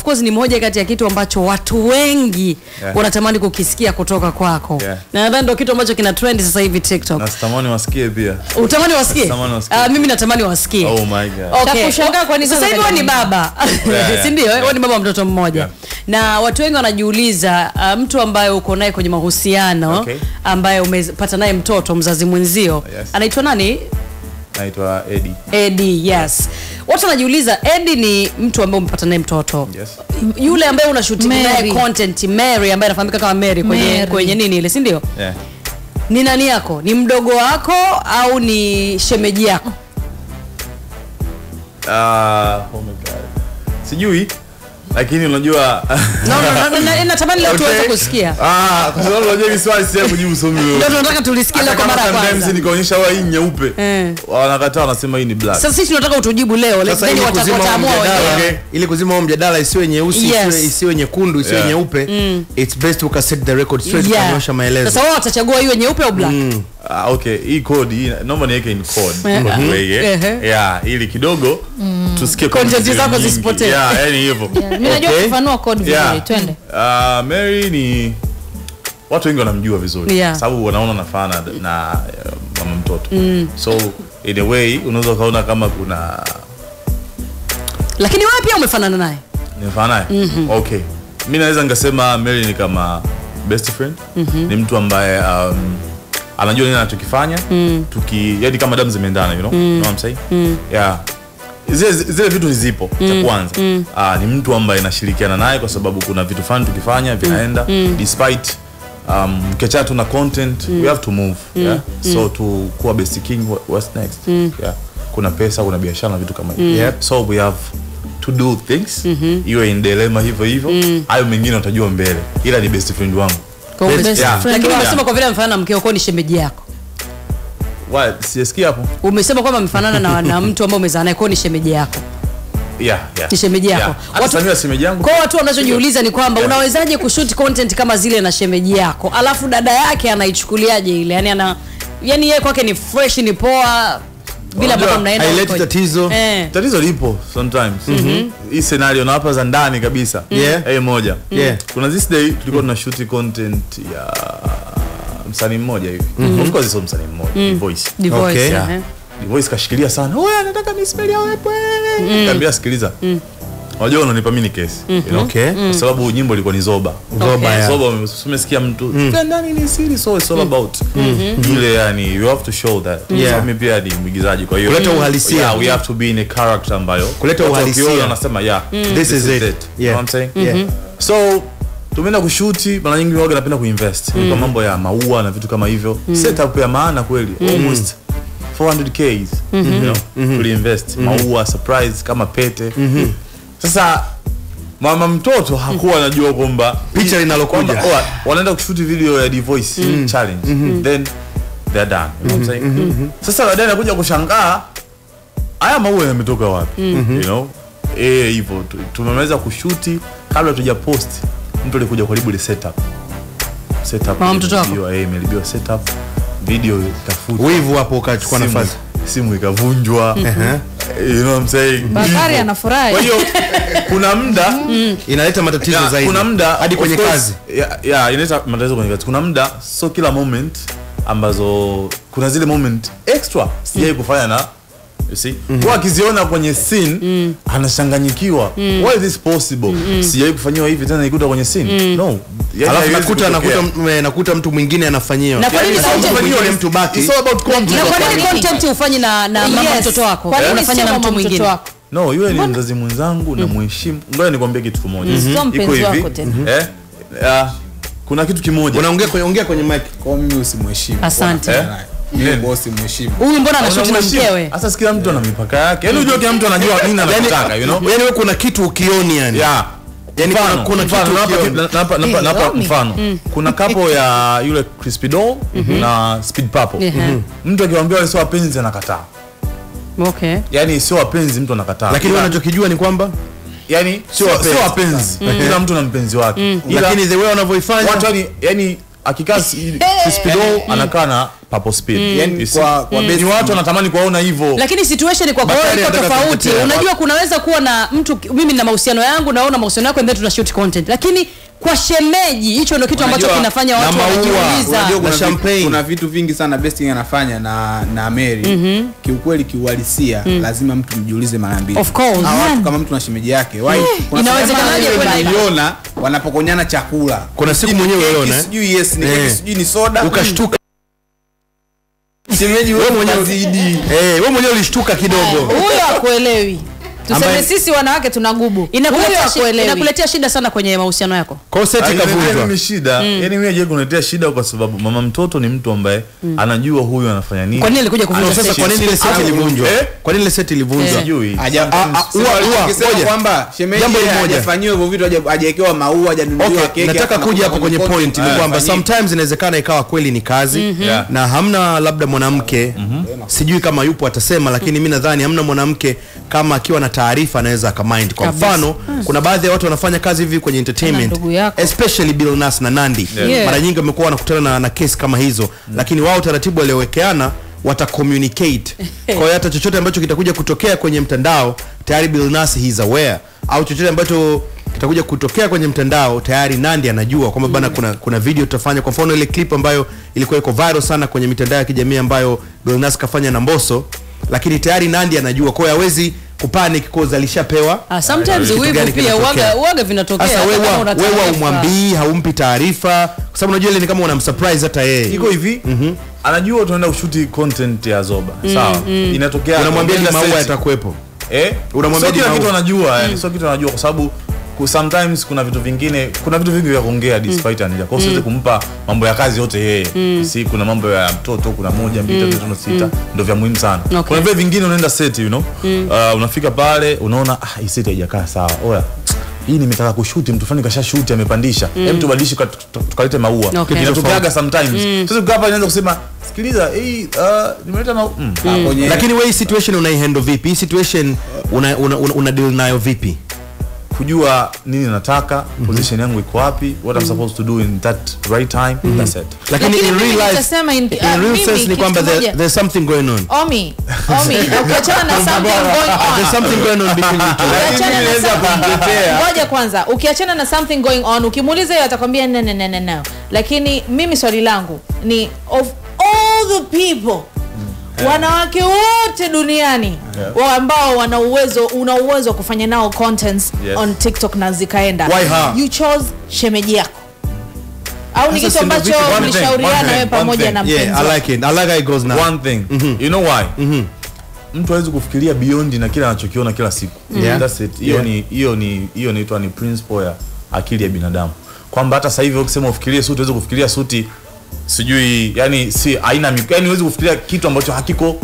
of course ni moja kati ya kitu ambacho watu wengi yeah. wanatamani kukisikia kutoka kwako yeah. na nadhani ndio kitu ambacho kina trend sasa hivi TikTok. Natamani wasikie pia. Utamani wasikie? Natamani wasikie. Uh, mimi natamani wasikie. Oh my god. Okay. kwa nini Sasa hivi wewe ni baba. Yeah, yeah. Si ndio? Wewe yeah. ni baba mtoto mmoja. Yeah. Na watu wengi wanajiuliza uh, mtu ambaye uko naye kwenye mahusiano okay. ambaye umepata naye mtoto mzazi mwenzio yes. anaitwa nani? naitwa Edi. Edi, yes. Watu wanajiuliza Edi ni mtu ambaye umepata naye mtoto. Yes. Yule ambaye una shooting naye content Mary ambaye anafahamika kama Mary kwenye, Mary. kwenye nini ile, si ndio? Yeah. Ni nani yako? Ni mdogo wako au ni shemeji yako? Uh, oh my God. Sijui lakini unajua natamani leo tuweze kusikia ah, kwa sababu unajua hili swali si kujibu somi wewe ndio tunataka tulisikie leo kwa mara ya kwanza sometimes nikaonyesha wa hii nyeupe eh. wanakataa wanasema hii ni black sasa sisi tunataka utujibu leo lakini watakatamua wenyewe ili kuzima huo mjadala isiwe nyeusi isiwe nyekundu isiwe nyeupe mm. it's best we can set the record straight kuonyesha maelezo sasa wao watachagua iwe nyeupe au black mm ah, okay hii code naomba niweke in code yeah. mm -hmm. yeah. yeah, yeah. ili kidogo mm. tusikie content zako zisipotee yeah, yani yeah. hivyo yeah. mimi najua okay. kufanua code vizuri yeah. twende uh, Mary ni watu wengi wanamjua vizuri yeah. sababu wanaona nafana na uh, mama mtoto mm. so in a way unaweza kaona kama kuna lakini wewe pia umefanana naye nimefanana naye mm -hmm. okay mimi naweza ngasema Mary ni kama best friend mm -hmm. ni mtu ambaye um, anajua nini anachokifanya mm. tuki yani kama damu zimeendana you know? mm. no, mm. yeah zile, zile vitu zipo mm. cha kwanza mm. ah, ni mtu ambaye anashirikiana naye kwa sababu kuna vitu fulani tukifanya vinaenda mm. mm. despite um, mkiachana tu na content mm. we have to move mm. yeah? mm. so to kuwa best king what's next mm. yeah? kuna pesa kuna biashara na vitu kama hivyo mm. yeah? so we have to do things mm -hmm. iwe in dilemma hivyo hivyo mm. hayo mm. mengine utajua mbele ila ni best friend wangu umesema kwa vile amefanana na mkeo kwao ni shemeji yako sijasikia hapo umesema kwamba amefanana na, na mtu ambaye umezaa naye kwao ni shemeji yako Yeah, yeah. shemeji yako yeah. watu, watu wanachojiuliza ni kwamba yeah. unawezaje kushoot content kama zile na shemeji yako alafu dada yake anaichukuliaje ile yani ana yani yeye kwake ni fresh ni poa bila mpaka mnaenda haileti tatizo eh. tatizo lipo sometimes mm -hmm. hii scenario na hapa za ndani kabisa mm. yeah. hey, eh, moja mm. yeah. kuna this day tulikuwa tuna tunashuti content ya msanii mmoja hivi mm -hmm. of course so msanii mmoja mm. voice okay. yeah. yeah. voice kashikilia sana wewe anataka nispeli awepo mm. kaambia sikiliza mm unajua unanipa mimi ni kesi mm -hmm. okay. mm -hmm. kwa sababu nyimbo ilikuwa ni zoba zoba okay. yeah. zoba umesikia mtu mm. ndani ni siri so it's all mm. about mm -hmm. ile yani you have to show that yeah. mimi pia ni mwigizaji kwa hiyo kuleta uhalisia yeah, we have to be in a character ambayo kuleta uhalisia anasema yeah mm. this, this is, is it, it. Yeah. You know what I'm saying yeah. mm -hmm. yeah. so tumeenda kushuti mara nyingi waga napenda kuinvest mm. kwa mambo ya maua na vitu kama hivyo mm. setup ya maana kweli mm. almost 400k mm -hmm. you mm-hmm. know, mm -hmm. tuliinvest mm -hmm. maua surprise kama pete mm -hmm sasa mama mtoto hakuwa mm-hmm. anajua kwamba picha linalokuja oh, wanaenda kushuti video ya divoice mm. challenge mm -hmm. then they're done you know mm -hmm. saying? Mm -hmm. sasa baadaye anakuja kushangaa haya maua yametoka wapi mm -hmm. you know eh hivyo tumemaliza kushuti kabla tuja post mtu alikuja karibu ile setup setup mama mtoto wako eh imelibiwa setup video tafuta wivu hapo ukachukua nafasi simu ikavunjwa mm -hmm you know saying. Bakari anafurahi. Kwa hiyo kuna muda mm. inaleta matatizo zaidi. Kuna muda hadi kwenye kazi. Yeah, yeah, inaleta matatizo kwenye kazi. Kuna muda so kila moment ambazo kuna zile moment extra sijai mm. kufanya na mhm. akiziona kwenye sin mm. anachanganyikiwa kufanyiwa hivi tena ikuta kwenye no Yaani alafu nakuta nakuta eh, nakuta mtu mwingine anafanyiwa. Na kwa nini yaani content mtu baki? about content. Na kwa nini content ufanye na na mama mtoto wako? Unafanya na mtu mwingine. No, yule ni mzazi mwenzangu na muheshimu. Ngoja nikwambie kitu kimoja. Mm-hmm. Iko hivi. Mm-hmm. Eh? Ah, kuna kitu kimoja. Unaongea kwenye ongea kwenye mic. Kwa mimi usimheshimu. Asante. Eh? Huyu mbona anashuti na mkewe? Sasa sikila mtu ana mipaka yake. Yaani unajua kila mtu anajua nini yaani, anataka, you know? Yaani wewe kuna kitu ukioni yani. Yeah yani mfano, kuna, kuna mfano, kitu mfano. Mm. kuna kapo ya yule crispido mm -hmm. na speed papo mhm. mtu akiwambia sio wapenzi anakataa okay. yani sio wapenzi mtu anakataa lakini wanachokijua ni kwamba yani sio wapenzi, sio wapenzi. Mhm. kila mtu na mpenzi wake mm. lakini the way wanavyoifanya yani akikaa crispido anakaa na papo speed mm. yani kwa, kwa mm. ni watu wanatamani kuwaona hivyo lakini situation kwa kwao iko tofauti unajua kunaweza kuwa na mtu mimi na mahusiano yangu naona mahusiano yako ndio tuna shoot content lakini kwa shemeji hicho ndio kitu ambacho kinafanya watu wanajiuliza kuna, champagne. kuna vitu vingi sana besting anafanya na na Mary mm-hmm. kiukweli kiuhalisia mm. lazima mtu mjiulize mara mbili of course watu kama mtu na shemeji yake why yeah. inawezekanaje kwenda wanapokonyana chakula kuna siku mwenyewe uliona eh? sijui yes ni eh. sijui ni soda ukashtuka mwenyewe ulishtuka kidogo. Huyo akuelewi tuseme sisi wanawake tuna gubu inakuletea shida, inakuletea shida sana kwenye mahusiano yako ni shida mm. yani mimi ajai kuniletea shida kwa sababu mama mtoto ni mtu ambaye mm. anajua huyu anafanya nini kwa nini alikuja kuvunja sasa kwa nini ile seti ilivunjwa eh? kwa nini ile seti ilivunjwa sijui kwamba shemeji hajafanyiwa hivyo vitu hajawekewa maua hajanunuliwa keki nataka kuja hapo kwenye point ni ah, kwamba sometimes inawezekana ikawa kweli ni kazi mhm. na hamna labda mwanamke mhm. sijui kama yupo atasema lakini mm. mimi nadhani hamna mwanamke kama akiwa na taarifa anaweza akamind kwa mfano hmm. kuna baadhi ya watu wanafanya kazi hivi kwenye entertainment especially Bill Nas na Nandi yeah. yeah. mara nyingi wamekuwa wanakutana na, na kesi kama hizo mm. lakini wao taratibu waliowekeana wata communicate kwa hiyo hata chochote ambacho kitakuja kutokea kwenye mtandao tayari Bill Nas he is aware au chochote ambacho kitakuja kutokea kwenye mtandao tayari Nandi anajua kwamba bana mm. kuna, kuna video tutafanya. Kwa mfano ile clip ambayo ilikuwa iko viral sana kwenye mitandao ya kijamii ambayo Bill Nas kafanya na Mbosso, lakini tayari Nandi anajua, kwa hiyo hawezi kupanic ah, umwambii haumpi taarifa kwasabu sababu unajua ile ni kama unamsurprise hata yeye iko hivi mm-hmm anajua tunaenda kushuti content ya zoba mm, sawa mm. inatokea unamwambia ni maua yatakuwepo eh unamwambia so, kitu anajua mm. yani kitu anajua kwa sababu sometimes kuna vitu vingine kuna vitu vingi vya kuongea despite mm. anaja kwa hiyo mm. kumpa mambo ya kazi yote yeye mm. si kuna mambo ya mtoto kuna moja mbili tatu mm. tano sita mm. ndio vya muhimu sana okay. kuna vile vingine unaenda set you know mm. uh, unafika pale unaona ah hii set haijakaa sawa oya hii nimetaka kushuti mtu fulani kasha shuti amepandisha mm. hem tubadilishe tukalete maua okay. inatupiaga sometimes mm. sasa ukapa inaanza kusema sikiliza hii uh, nimeleta maua mm. mm. lakini wewe situation unaihandle vipi hii situation una, una, una, una deal nayo vipi kujua nini nataka mm-hmm. position yangu iko wapi what I'm mhm. supposed to do in that right time mm-hmm. that's it lakini in real life in uh, in real sense ni kwamba there, there's something going on omi omi ukiachana na something going on there's something going on between you two ngoja kwanza ukiachana na something going on ukimuuliza yeye atakwambia nene nene no lakini mimi swali langu ni of all the people yeah. wanawake wote duniani yeah. wa ambao wana uwezo una uwezo wa kufanya nao contents yes. on tiktok na zikaenda you chose shemeji yako mtu awezi kufikiria biondi na kile anachokiona kila siku mm-hmm. Hiyo yeah. ni hiyo ni ni ya akili ya binadamu kwamba hata sahivi hivi ukisema ufikirie suti uweze kufikiria suti sijui yani si aina yani huwezi kufikiria kitu ambacho hakiko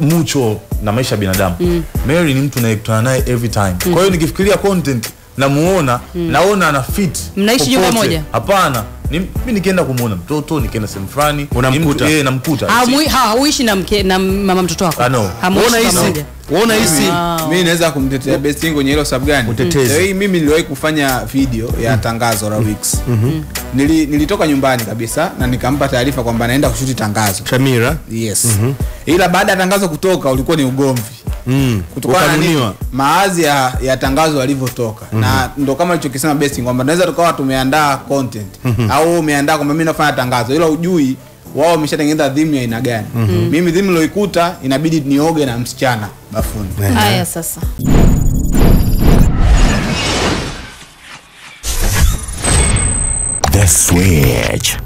mucho na maisha ya binadamu mm. mary ni mtu nayekutana naye every time mm. kwa hiyo nikifikiria content namuona mm. naona ana fit mnaishi nyumba moja hapana mi nikienda kumwona mtoto nikienda sehemu fulani eh, namkuta na mama mtoto wako hisi naweza kumtetea best yangu kwenye hilo sababu gani? hii mimi niliwahi kufanya video ya mm. tangazo la mm-hmm. Wix. Mm-hmm. nilitoka nyumbani kabisa na nikampa taarifa kwamba naenda kushuti tangazo. Shamira. Yes. Mm-hmm. Ila baada ya tangazo kutoka ulikuwa ni ugomvi. Mm. kutokana maazi ya, ya tangazo yalivyotoka mm -hmm. na ndo kama alichokisema besti kwamba naweza tukawa tumeandaa content mm -hmm. au umeandaa kwamba mi nafanya tangazo ila ujui wao wameshatengeneza dhimu ya aina gani mm -hmm. mimi dhimu iloikuta inabidi nioge na msichana bafuni eh. haya sasa The Switch.